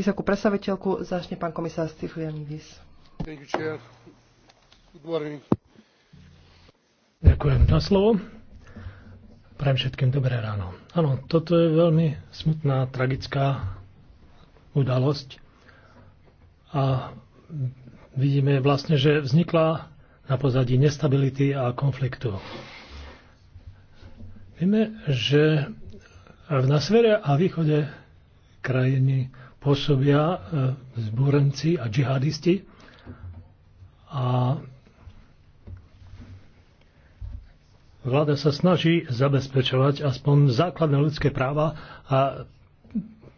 vysokú predstaviteľku. Začne pán komisár Stiflianidis. Ďakujem za slovo. Prajem všetkým dobré ráno. Áno, toto je veľmi smutná, tragická udalosť. A vidíme vlastne, že vznikla na pozadí nestability a konfliktu. Vieme, že na severe a východe krajiny pôsobia e, zbúrenci a džihadisti. A vláda sa snaží zabezpečovať aspoň základné ľudské práva a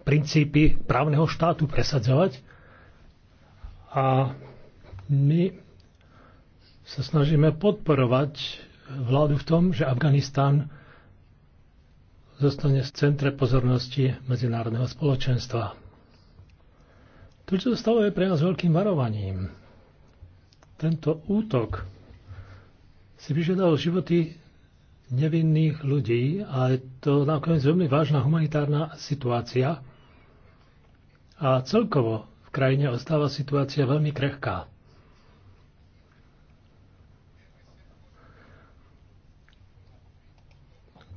princípy právneho štátu presadzovať. A my sa snažíme podporovať vládu v tom, že Afganistán zostane v centre pozornosti medzinárodného spoločenstva. To, čo stalo, je pre nás veľkým varovaním. Tento útok si vyžiadal životy nevinných ľudí a je to nakoniec veľmi vážna humanitárna situácia. A celkovo v krajine ostáva situácia veľmi krehká.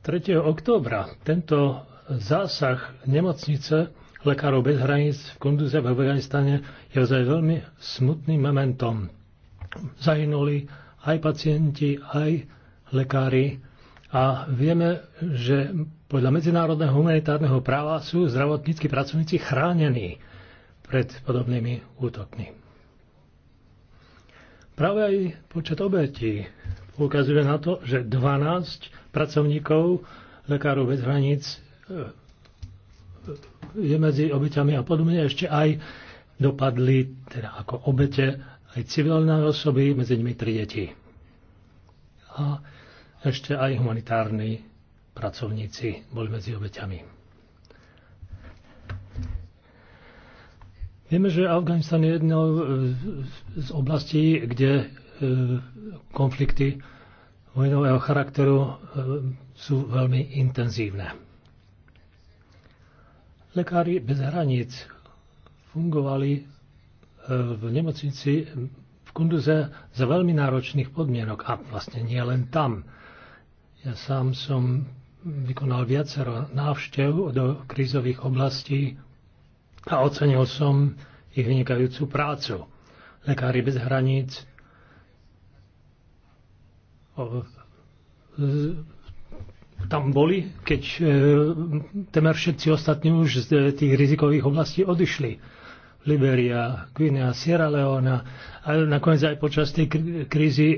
Tretieho októbra tento zásah nemocnice lekárov bez hraníc v Kunduze v Afganistane je ozaj veľmi smutným momentom. Zahynuli aj pacienti, aj lekári a vieme, že podľa medzinárodného humanitárneho práva sú zdravotníckí pracovníci chránení pred podobnými útokmi. Práve aj počet obetí ukazuje na to, že 12 pracovníkov lekárov bez hraníc e, je medzi obeťami a podobne ešte aj dopadli teda ako obete aj civilné osoby, medzi nimi tri deti. A ešte aj humanitárni pracovníci boli medzi obeťami. Vieme, že Afganistan je jednou z oblastí, kde e, konflikty vojnového charakteru e, sú veľmi intenzívne. Lekári bez hraníc fungovali e, v nemocnici v Kunduze za veľmi náročných podmienok a vlastne nie len tam. Ja sám som vykonal viacero návštev do krízových oblastí a ocenil som ich vynikajúcu prácu. Lekári bez hraníc tam boli, keď e, temer všetci ostatní už z e, tých rizikových oblastí odišli. Liberia, Guinea, Sierra Leona a nakoniec aj počas tej krízy e,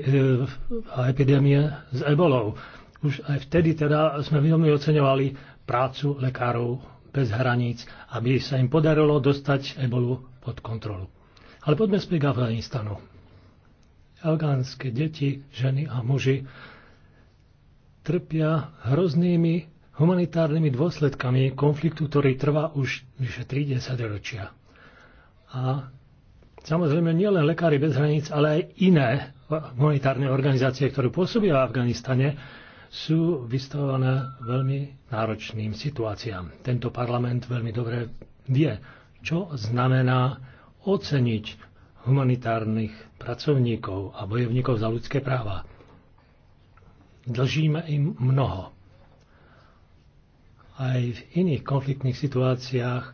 a e, epidémie s ebolou. Už aj vtedy teda sme veľmi oceňovali prácu lekárov bez hraníc, aby sa im podarilo dostať ebolu pod kontrolu. Ale poďme späť k Afganistanu. Afgánske deti, ženy a muži trpia hroznými humanitárnymi dôsledkami konfliktu, ktorý trvá už vyše 30 ročia. A samozrejme nielen lekári bez hraníc, ale aj iné humanitárne organizácie, ktoré pôsobia v Afganistane, sú vystavované veľmi náročným situáciám. Tento parlament veľmi dobre vie, čo znamená oceniť humanitárnych pracovníkov a bojovníkov za ľudské práva. Dlžíme im mnoho. Aj v iných konfliktných situáciách e,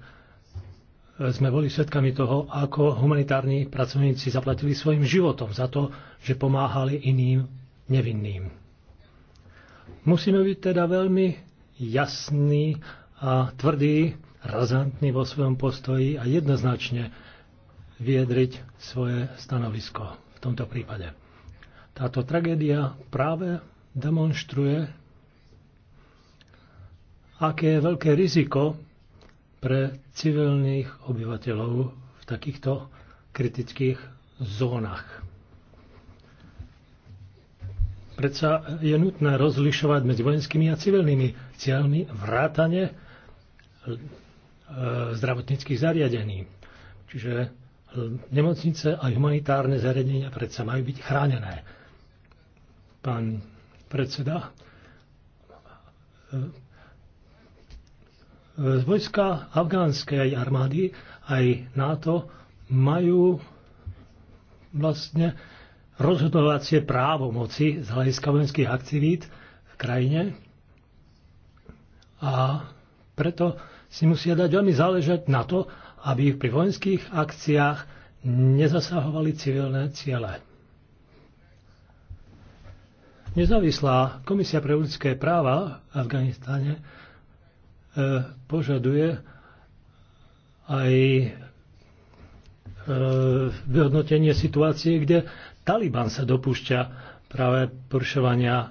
sme boli svedkami toho, ako humanitárni pracovníci zaplatili svojim životom za to, že pomáhali iným nevinným. Musíme byť teda veľmi jasný a tvrdý, razantný vo svojom postoji a jednoznačne viedriť svoje stanovisko v tomto prípade. Táto tragédia práve demonstruje, aké je veľké riziko pre civilných obyvateľov v takýchto kritických zónach. Predsa je nutné rozlišovať medzi vojenskými a civilnými cieľmi vrátane e, zdravotníckých zariadení. Čiže nemocnice a humanitárne zariadenia predsa majú byť chránené. Pán predseda. E, e, vojska afgánskej armády aj NATO majú vlastne rozhodovacie právo moci z hľadiska vojenských aktivít v krajine a preto si musia dať veľmi záležať na to, aby pri vojenských akciách nezasahovali civilné ciele. Nezávislá komisia pre ľudské práva v Afganistane e, požaduje aj e, vyhodnotenie situácie, kde Taliban sa dopúšťa práve porušovania e,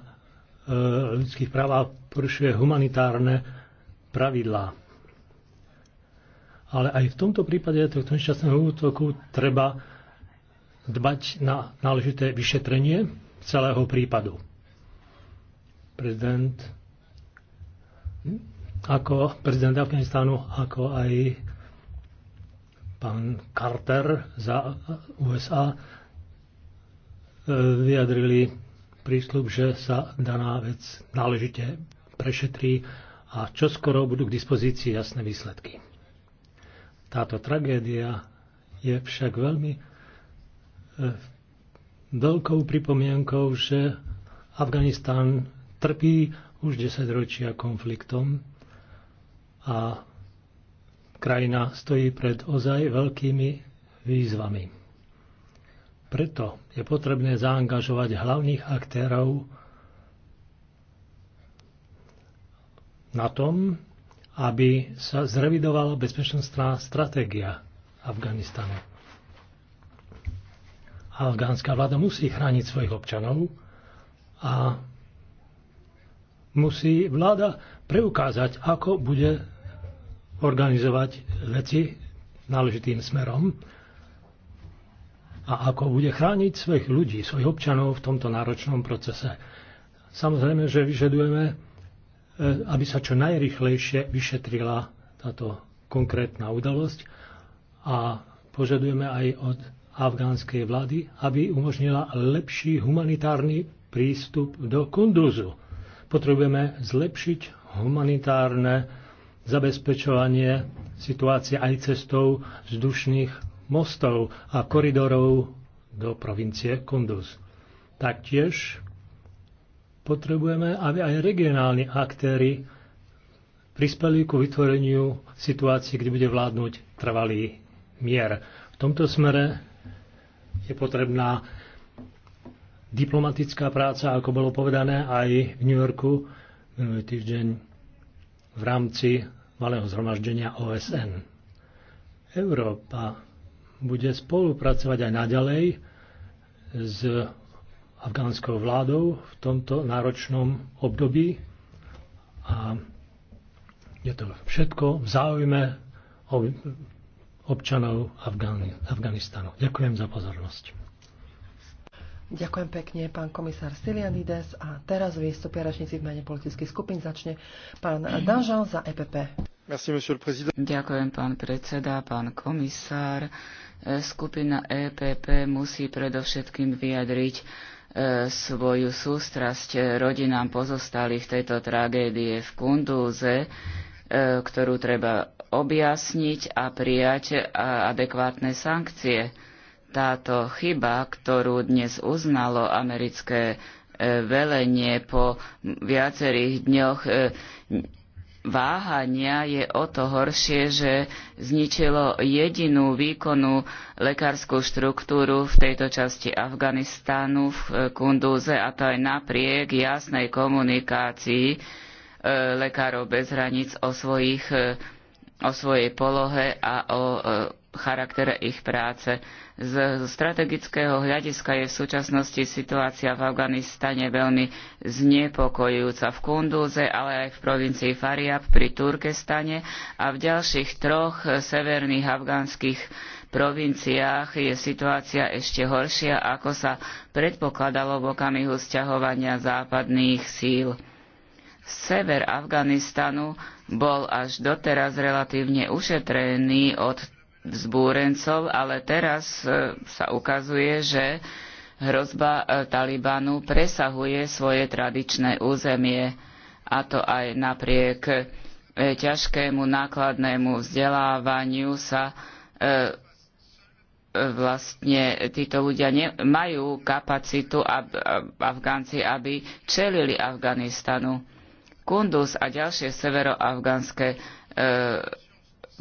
ľudských práv a porušuje humanitárne pravidlá. Ale aj v tomto prípade tohto nešťastného útoku treba dbať na náležité vyšetrenie celého prípadu prezident hm? ako prezident Afganistánu, ako aj pán Carter za USA e, vyjadrili prísľub, že sa daná vec náležite prešetrí a čoskoro budú k dispozícii jasné výsledky. Táto tragédia je však veľmi e, veľkou pripomienkou, že Afganistán trpí už 10 ročia konfliktom a krajina stojí pred ozaj veľkými výzvami. Preto je potrebné zaangažovať hlavných aktérov na tom, aby sa zrevidovala bezpečnostná stratégia Afganistanu. Afgánska vláda musí chrániť svojich občanov a musí vláda preukázať, ako bude organizovať veci náležitým smerom a ako bude chrániť svojich ľudí, svojich občanov v tomto náročnom procese. Samozrejme, že vyžadujeme, e, aby sa čo najrychlejšie vyšetrila táto konkrétna udalosť a požadujeme aj od afgánskej vlády, aby umožnila lepší humanitárny prístup do Kunduzu Potrebujeme zlepšiť humanitárne zabezpečovanie situácie aj cestou vzdušných mostov a koridorov do provincie Kunduz. Taktiež potrebujeme, aby aj regionálni aktéry prispeli ku vytvoreniu situácie, kde bude vládnuť trvalý mier. V tomto smere je potrebná diplomatická práca, ako bolo povedané aj v New Yorku minulý e, týždeň v rámci malého zhromaždenia OSN. Európa bude spolupracovať aj naďalej s afgánskou vládou v tomto náročnom období a je to všetko v záujme občanov Afganistanu. Ďakujem za pozornosť. Ďakujem pekne, pán komisár Stylianides. A teraz vystupia rečníci v mene politických skupín. Začne pán Danžan za EPP. Ďakujem, pán predseda, pán komisár. E, skupina EPP musí predovšetkým vyjadriť e, svoju sústrasť e, rodinám pozostalých tejto tragédie v Kundúze, ktorú treba objasniť a prijať adekvátne sankcie táto chyba, ktorú dnes uznalo americké e, velenie po viacerých dňoch e, váhania je o to horšie, že zničilo jedinú výkonnú lekárskú štruktúru v tejto časti Afganistánu v e, Kunduze a to aj napriek jasnej komunikácii lekárov bez hraníc o, svojich, o svojej polohe a o charakter ich práce. Z strategického hľadiska je v súčasnosti situácia v Afganistane veľmi znepokojujúca v Kunduze, ale aj v provincii Fariab pri Turkestane a v ďalších troch severných afgánskych provinciách je situácia ešte horšia, ako sa predpokladalo v okamihu sťahovania západných síl. Sever Afganistanu bol až doteraz relatívne ušetrený od vzbúrencov, ale teraz e, sa ukazuje, že hrozba e, Talibanu presahuje svoje tradičné územie, a to aj napriek e, ťažkému nákladnému vzdelávaniu sa vlastne títo ľudia majú kapacitu ab, ab, Afgánci, aby čelili Afganistanu. Kunduz a ďalšie severoafgánske e,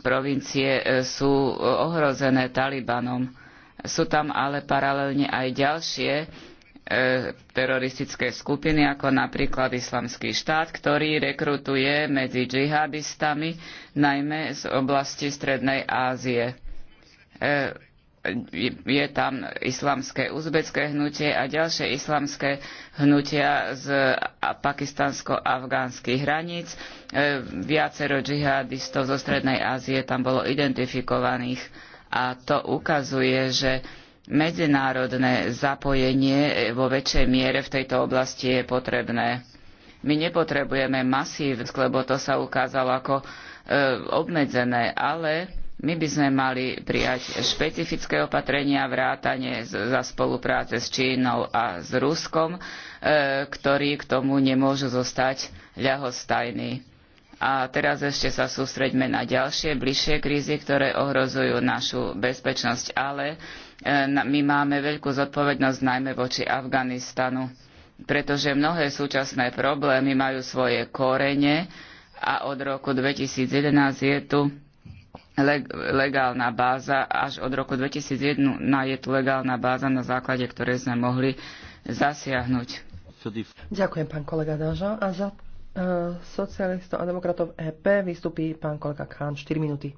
provincie e, sú e, ohrozené Talibanom. Sú tam ale paralelne aj ďalšie e, teroristické skupiny, ako napríklad Islamský štát, ktorý rekrutuje medzi džihadistami, najmä z oblasti Strednej Ázie je tam islamské uzbecké hnutie a ďalšie islamské hnutia z pakistansko-afgánskych hraníc. E, viacero džihadistov zo Strednej Ázie tam bolo identifikovaných a to ukazuje, že medzinárodné zapojenie e, vo väčšej miere v tejto oblasti je potrebné. My nepotrebujeme masív, lebo to sa ukázalo ako e, obmedzené, ale my by sme mali prijať špecifické opatrenia vrátane za spolupráce s Čínou a s Ruskom, e, ktorí k tomu nemôžu zostať ľahostajní. A teraz ešte sa sústreďme na ďalšie, bližšie krízy, ktoré ohrozujú našu bezpečnosť, ale e, my máme veľkú zodpovednosť najmä voči Afganistanu, pretože mnohé súčasné problémy majú svoje korene a od roku 2011 je tu legálna báza. Až od roku 2001 je tu legálna báza, na základe ktorej sme mohli zasiahnuť. Ďakujem, pán kolega Dažo. A za e, socialistov a demokratov EP vystupí pán kolega Kán 4 minúty.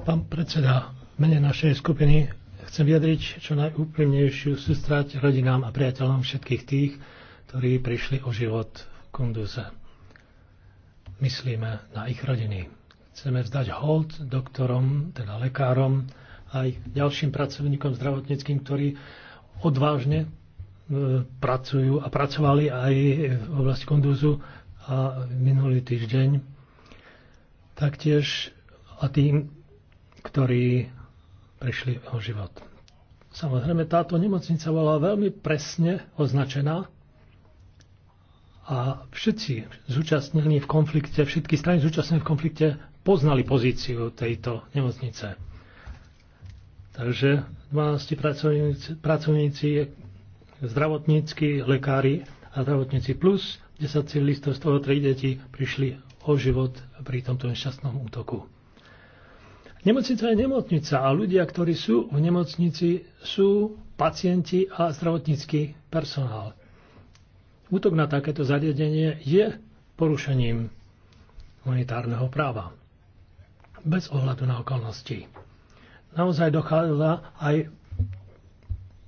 Pán predseda, mene našej skupiny chcem vyjadriť čo najúplnejšiu sústrať rodinám a priateľom všetkých tých, ktorí prišli o život v Kunduze myslíme na ich rodiny. Chceme vzdať hold doktorom, teda lekárom, aj ďalším pracovníkom zdravotníckým, ktorí odvážne e, pracujú a pracovali aj v oblasti konduzu a minulý týždeň. Taktiež a tým, ktorí prišli o život. Samozrejme, táto nemocnica bola veľmi presne označená a všetci zúčastnení v konflikte, všetky strany zúčastnené v konflikte poznali pozíciu tejto nemocnice. Takže 12 pracovníci, pracovníci zdravotnícky, lekári a zdravotníci plus 10 civilistov, z toho 3 detí prišli o život pri tomto nešťastnom útoku. Nemocnica je nemocnica a ľudia, ktorí sú v nemocnici, sú pacienti a zdravotnícky personál. Útok na takéto zariadenie je porušením humanitárneho práva. Bez ohľadu na okolnosti. Naozaj dochádza aj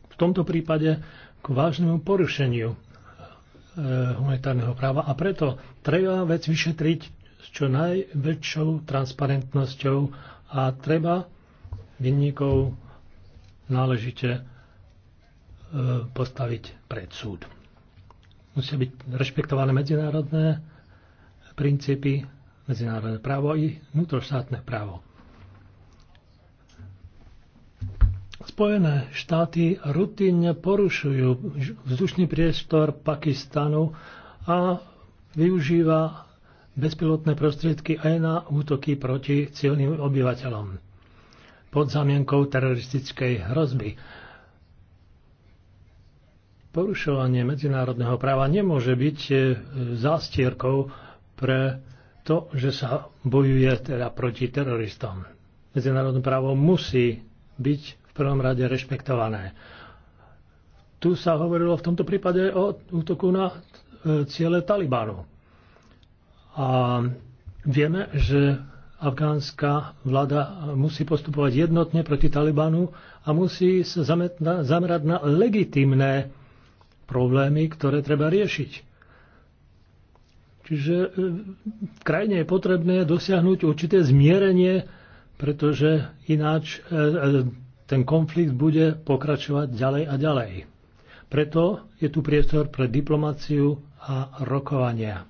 v tomto prípade k vážnemu porušeniu e, humanitárneho práva a preto treba vec vyšetriť s čo najväčšou transparentnosťou a treba vinníkov náležite e, postaviť pred súd. Musia byť rešpektované medzinárodné princípy, medzinárodné právo i vnútroštátne právo. Spojené štáty rutinne porušujú vzdušný priestor Pakistanu a využíva bezpilotné prostriedky aj na útoky proti civilným obyvateľom pod zamienkou teroristickej hrozby. Porušovanie medzinárodného práva nemôže byť e, zástierkou pre to, že sa bojuje teda proti teroristom. Medzinárodné právo musí byť v prvom rade rešpektované. Tu sa hovorilo v tomto prípade o útoku na e, ciele Talibanu. A vieme, že afgánska vláda musí postupovať jednotne proti Talibanu a musí sa zamerať na legitimné problémy, ktoré treba riešiť. Čiže e, v krajine je potrebné dosiahnuť určité zmierenie, pretože ináč e, e, ten konflikt bude pokračovať ďalej a ďalej. Preto je tu priestor pre diplomáciu a rokovania.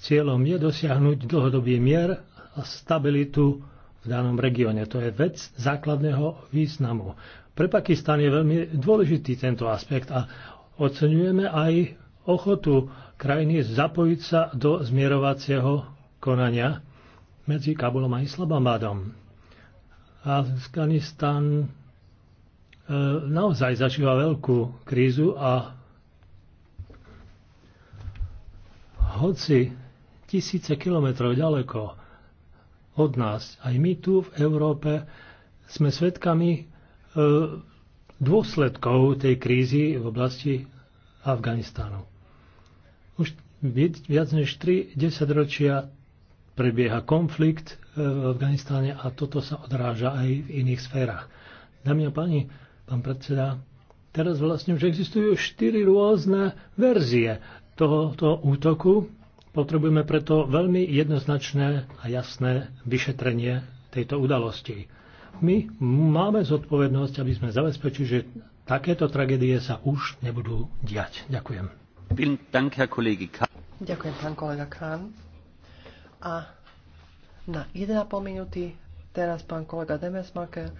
Cieľom je dosiahnuť dlhodobý mier a stabilitu v danom regióne. To je vec základného významu. Pre Pakistan je veľmi dôležitý tento aspekt a Oceňujeme aj ochotu krajiny zapojiť sa do zmierovacieho konania medzi Kabulom a Islamabadom. Afganistan e, naozaj zažíva veľkú krízu a hoci tisíce kilometrov ďaleko od nás, aj my tu v Európe sme svedkami e, dôsledkov tej krízy v oblasti Afganistánu. Už viac než 3 desaťročia prebieha konflikt e, v Afganistáne a toto sa odráža aj v iných sférach. Dámy a páni, pán predseda, teraz vlastne už existujú štyri rôzne verzie tohoto útoku. Potrebujeme preto veľmi jednoznačné a jasné vyšetrenie tejto udalosti. My máme zodpovednosť, aby sme zabezpečili, že takéto tragédie sa už nebudú diať. Ďakujem. Ďakujem, pán kolega Kán. A na 1,5 minúty teraz pán kolega Demesmaker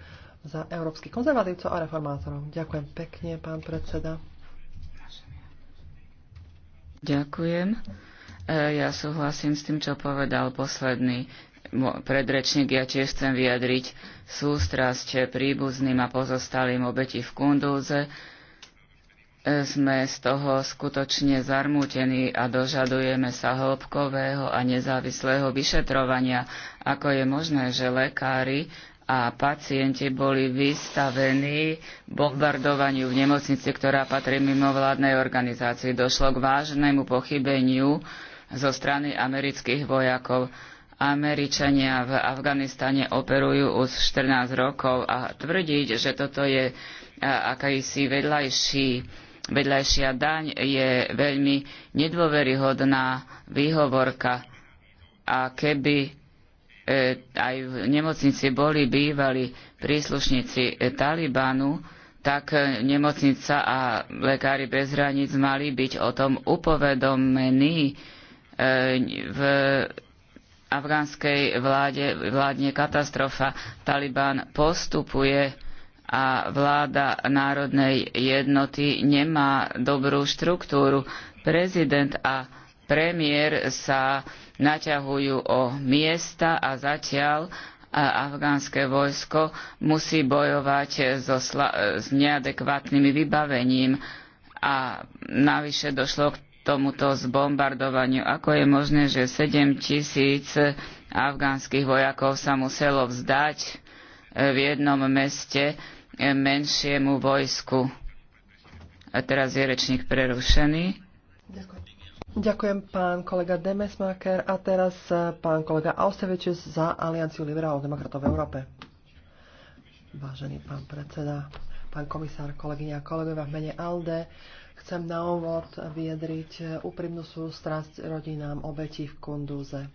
za Európsky konzervatívcov a reformátorov. Ďakujem pekne, pán predseda. Ďakujem. E, ja súhlasím s tým, čo povedal posledný predrečník, ja tiež chcem vyjadriť sústrasť príbuzným a pozostalým obeti v Kundúze. E, sme z toho skutočne zarmútení a dožadujeme sa hĺbkového a nezávislého vyšetrovania, ako je možné, že lekári a pacienti boli vystavení bombardovaniu v nemocnici, ktorá patrí mimo vládnej organizácii. Došlo k vážnemu pochybeniu zo strany amerických vojakov Američania v Afganistane operujú už 14 rokov a tvrdiť, že toto je akýsi vedľajší vedľajšia daň je veľmi nedôveryhodná výhovorka. A keby e, aj v nemocnici boli bývali príslušníci e, Talibanu, tak e, nemocnica a lekári bez hraníc mali byť o tom upovedomení v afgánskej vláde vládne katastrofa. Taliban postupuje a vláda národnej jednoty nemá dobrú štruktúru. Prezident a premiér sa naťahujú o miesta a zatiaľ afgánske vojsko musí bojovať so s neadekvátnym vybavením a navyše došlo k tomuto zbombardovaniu. Ako je možné, že 7 tisíc afgánskych vojakov sa muselo vzdať eh, v jednom meste eh, menšiemu vojsku? A teraz je rečník prerušený. Ďakujem. pán kolega Demesmaker a teraz eh, pán kolega Austevičius za Alianciu liberálov demokratov v Európe. Vážený pán predseda, pán komisár, kolegyňa a kolegovia v mene ALDE Chcem na úvod vyjadriť e, úprimnú sústrasť rodinám obetí v Kunduze.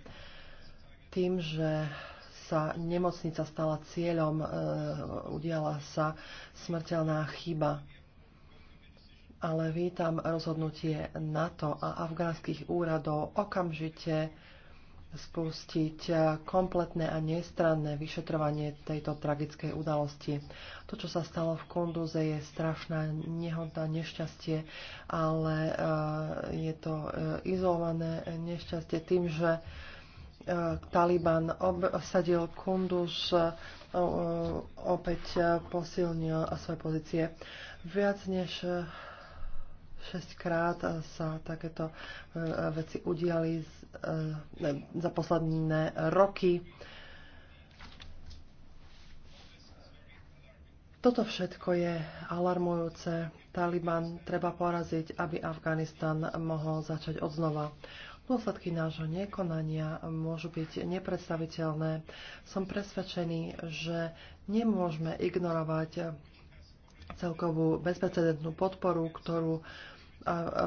Tým, že sa nemocnica stala cieľom, e, udiala sa smrteľná chyba. Ale vítam rozhodnutie NATO a afgánskych úradov okamžite spustiť eh, kompletné a nestranné vyšetrovanie tejto tragickej udalosti. To, čo sa stalo v Kunduze, je strašná nehoda, nešťastie, ale eh, je to eh, izolované nešťastie tým, že Taliban obsadil Kunduz, opäť posilnil svoje pozície. Viac než 6 krát sa takéto e, veci udiali e, za posledné roky. Toto všetko je alarmujúce. Taliban treba poraziť, aby Afganistan mohol začať odznova. Dôsledky nášho nekonania môžu byť nepredstaviteľné. Som presvedčený, že nemôžeme ignorovať celkovú bezprecedentnú podporu, ktorú a, a,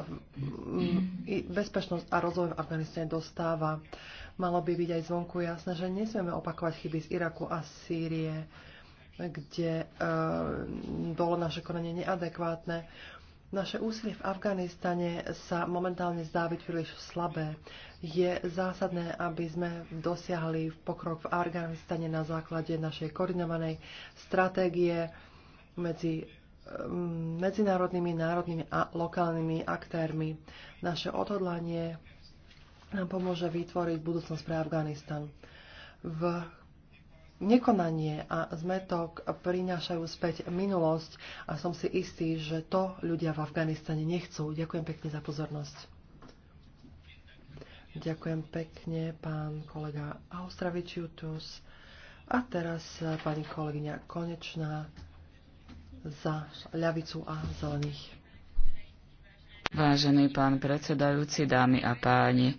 bezpečnosť a rozvoj v Afganistane dostáva. Malo by byť aj zvonku jasné, že nesmieme opakovať chyby z Iraku a Sýrie, kde e, bolo naše konanie neadekvátne. Naše úsilie v Afganistane sa momentálne zdá byť príliš slabé. Je zásadné, aby sme dosiahli pokrok v Afganistane na základe našej koordinovanej stratégie medzi medzinárodnými, národnými a lokálnymi aktérmi. Naše odhodlanie nám pomôže vytvoriť budúcnosť pre Afganistan. V nekonanie a zmetok prinášajú späť minulosť a som si istý, že to ľudia v Afganistane nechcú. Ďakujem pekne za pozornosť. Ďakujem pekne, pán kolega Austravičiutus. A teraz pani kolegyňa Konečná za ľavicu a zelených. Vážený pán predsedajúci, dámy a páni,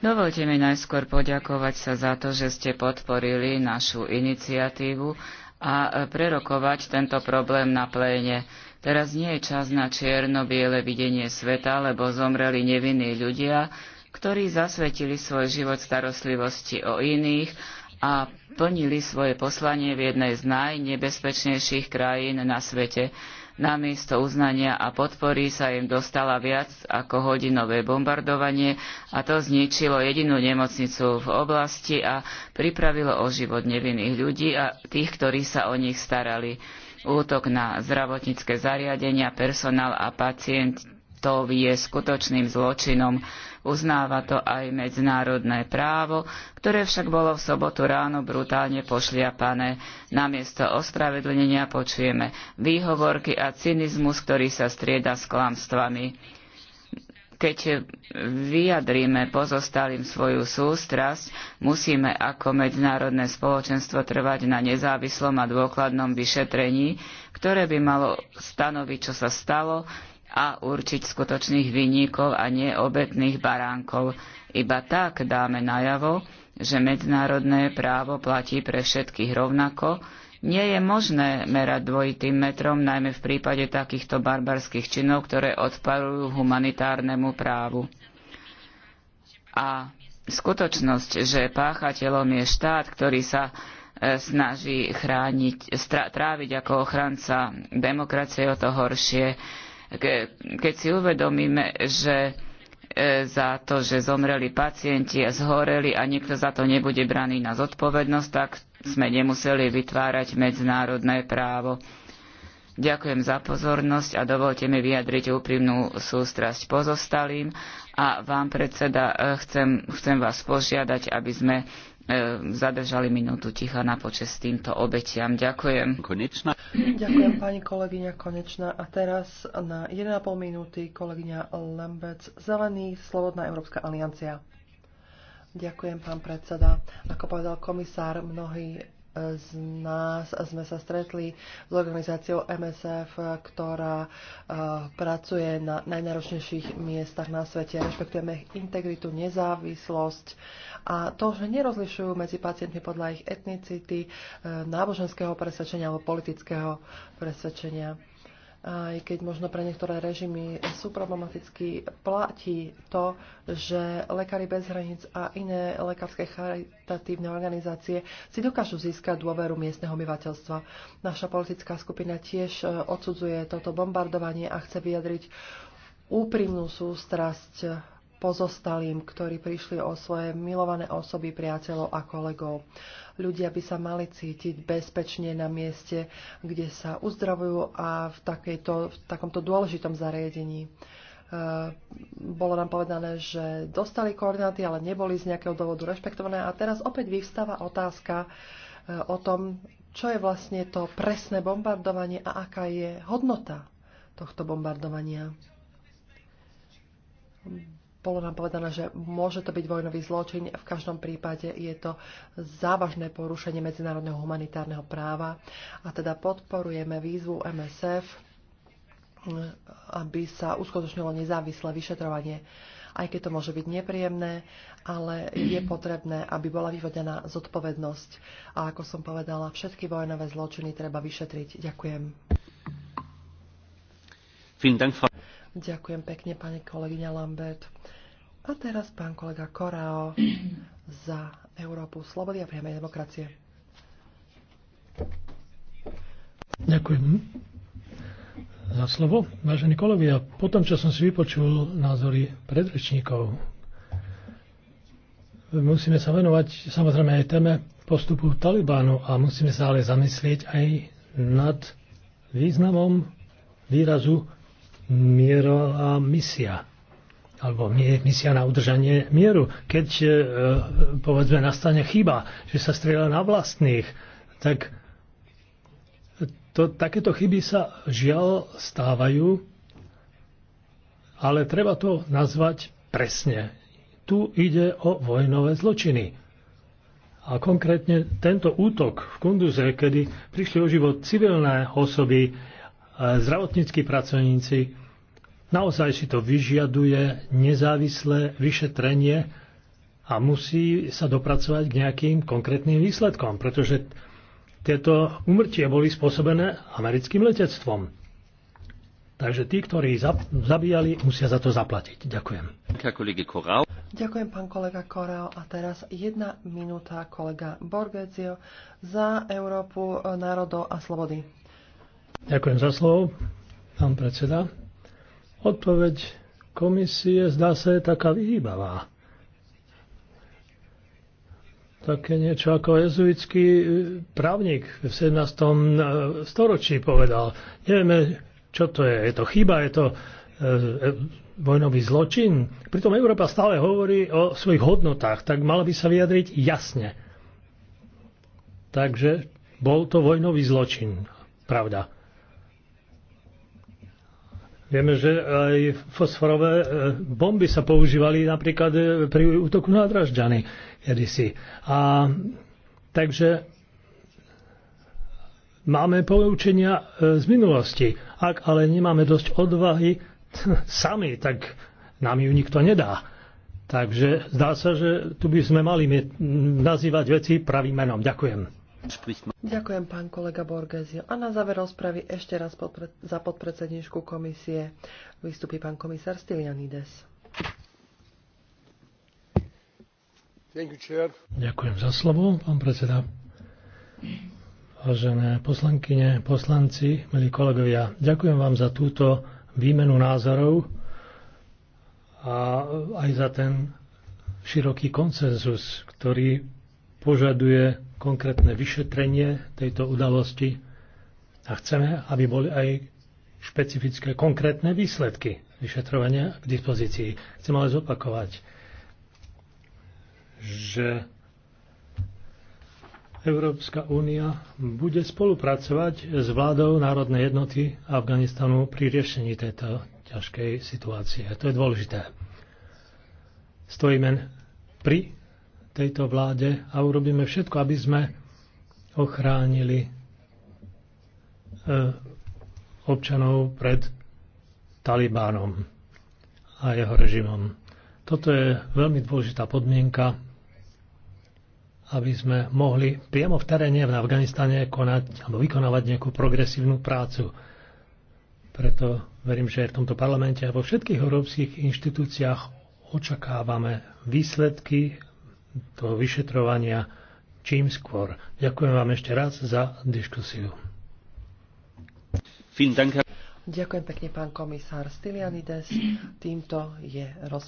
dovolte mi najskôr poďakovať sa za to, že ste podporili našu iniciatívu a prerokovať tento problém na pléne. Teraz nie je čas na čierno-biele videnie sveta, lebo zomreli nevinní ľudia, ktorí zasvetili svoj život starostlivosti o iných a plnili svoje poslanie v jednej z najnebezpečnejších krajín na svete. Namiesto uznania a podpory sa im dostala viac ako hodinové bombardovanie a to zničilo jedinú nemocnicu v oblasti a pripravilo o život nevinných ľudí a tých, ktorí sa o nich starali. Útok na zdravotnícke zariadenia, personál a pacient teroristov je skutočným zločinom. Uznáva to aj medzinárodné právo, ktoré však bolo v sobotu ráno brutálne pošliapané. Namiesto ospravedlnenia počujeme výhovorky a cynizmus, ktorý sa strieda s klamstvami. Keď vyjadríme pozostalým svoju sústrasť, musíme ako medzinárodné spoločenstvo trvať na nezávislom a dôkladnom vyšetrení, ktoré by malo stanoviť, čo sa stalo, a určiť skutočných vinníkov a nie obetných baránkov. Iba tak dáme najavo, že medzinárodné právo platí pre všetkých rovnako, nie je možné merať dvojitým metrom, najmä v prípade takýchto barbarských činov, ktoré odparujú humanitárnemu právu. A skutočnosť, že páchateľom je štát, ktorý sa e, snaží chrániť, tráviť ako ochranca demokracie, o to horšie keď si uvedomíme, že e, za to, že zomreli pacienti a zhoreli a nikto za to nebude braný na zodpovednosť, tak sme nemuseli vytvárať medzinárodné právo. Ďakujem za pozornosť a dovolte mi vyjadriť úprimnú sústrasť pozostalým a vám predseda e, chcem, chcem vás požiadať, aby sme E, zadržali minútu ticha na počas týmto obetiam. Ďakujem. Konečná. Ďakujem pani kolegyňa Konečná. A teraz na 1,5 minúty kolegyňa Lembec Zelený, Slobodná Európska aliancia. Ďakujem, pán predseda. Ako povedal komisár, mnohí z nás sme sa stretli s organizáciou MSF, ktorá e, pracuje na najnáročnejších miestach na svete. Rešpektujeme ich integritu, nezávislosť a to, že nerozlišujú medzi pacientmi podľa ich etnicity, e, náboženského presvedčenia alebo politického presvedčenia aj keď možno pre niektoré režimy sú problematicky, platí to, že lekári bez hraníc a iné lekárske charitatívne organizácie si dokážu získať dôveru miestneho obyvateľstva. Naša politická skupina tiež e, odsudzuje toto bombardovanie a chce vyjadriť úprimnú sústrasť pozostalým, ktorí prišli o svoje milované osoby, priateľov a kolegov. Ľudia by sa mali cítiť bezpečne na mieste, kde sa uzdravujú a v, takejto, v takomto dôležitom zariadení e, bolo nám povedané, že dostali koordináty, ale neboli z nejakého dôvodu rešpektované. A teraz opäť vyvstáva otázka e, o tom, čo je vlastne to presné bombardovanie a aká je hodnota tohto bombardovania bolo nám povedané, že môže to byť vojnový zločin. V každom prípade je to závažné porušenie medzinárodného humanitárneho práva a teda podporujeme výzvu MSF, aby sa uskutočnilo nezávislé vyšetrovanie aj keď to môže byť nepríjemné, ale je potrebné, aby bola vyvodená zodpovednosť. A ako som povedala, všetky vojnové zločiny treba vyšetriť. Ďakujem. Ďakujem pekne, pani kolegyňa Lambert. A teraz pán kolega Korao za Európu slobody a priamej demokracie. Ďakujem za slovo. Vážení kolegovia, po tom, čo som si vypočul názory predrečníkov, musíme sa venovať samozrejme aj téme postupu Talibánu a musíme sa ale zamyslieť aj nad významom výrazu mierová misia alebo misia na udržanie mieru. Keď e, povedzme nastane chyba, že sa strieľa na vlastných, tak to, takéto chyby sa žiaľ stávajú, ale treba to nazvať presne. Tu ide o vojnové zločiny. A konkrétne tento útok v Kunduze, kedy prišli o život civilné osoby, E, zdravotníckí pracovníci. Naozaj si to vyžiaduje nezávislé vyšetrenie a musí sa dopracovať k nejakým konkrétnym výsledkom, pretože tieto umrtie boli spôsobené americkým letectvom. Takže tí, ktorí zabíjali, musia za to zaplatiť. Ďakujem. Ďakujem, pán kolega Korao. A teraz jedna minúta kolega Borgezio za Európu e, národov a slobody. Ďakujem za slovo, pán predseda. Odpoveď komisie zdá sa je taká vyhýbavá. Také niečo ako jezuitský e, právnik v 17. E, storočí povedal. Nevieme, čo to je. Je to chyba, je to e, vojnový zločin. Pritom Európa stále hovorí o svojich hodnotách, tak mala by sa vyjadriť jasne. Takže bol to vojnový zločin. Pravda. Vieme, že aj fosforové e, bomby sa používali napríklad e, pri útoku na Dražďany kedysi. A takže máme poučenia e, z minulosti. Ak ale nemáme dosť odvahy sami, tak nám ju nikto nedá. Takže zdá sa, že tu by sme mali nazývať veci pravým menom. Ďakujem. Ďakujem, pán kolega Borgesio. A na záver rozpravy ešte raz podpre- za podpredsedničku komisie vystupí pán komisár Stylianides. Ďakujem za slovo, pán predseda. Vážené poslankyne, poslanci, milí kolegovia, ďakujem vám za túto výmenu názorov a aj za ten široký konsenzus, ktorý požaduje konkrétne vyšetrenie tejto udalosti a chceme, aby boli aj špecifické konkrétne výsledky vyšetrovania k dispozícii. Chcem ale zopakovať, že Európska únia bude spolupracovať s vládou Národnej jednoty Afganistanu pri riešení tejto ťažkej situácie. To je dôležité. Stojíme pri tejto vláde a urobíme všetko, aby sme ochránili e, občanov pred Talibánom a jeho režimom. Toto je veľmi dôležitá podmienka, aby sme mohli priamo v teréne v Afganistane konať alebo vykonávať nejakú progresívnu prácu. Preto verím, že v tomto parlamente a vo všetkých európskych inštitúciách očakávame výsledky toho vyšetrovania čím skôr. Ďakujem vám ešte raz za diskusiu. Ďakujem pekne, pán komisár Stylianides. Týmto je roz...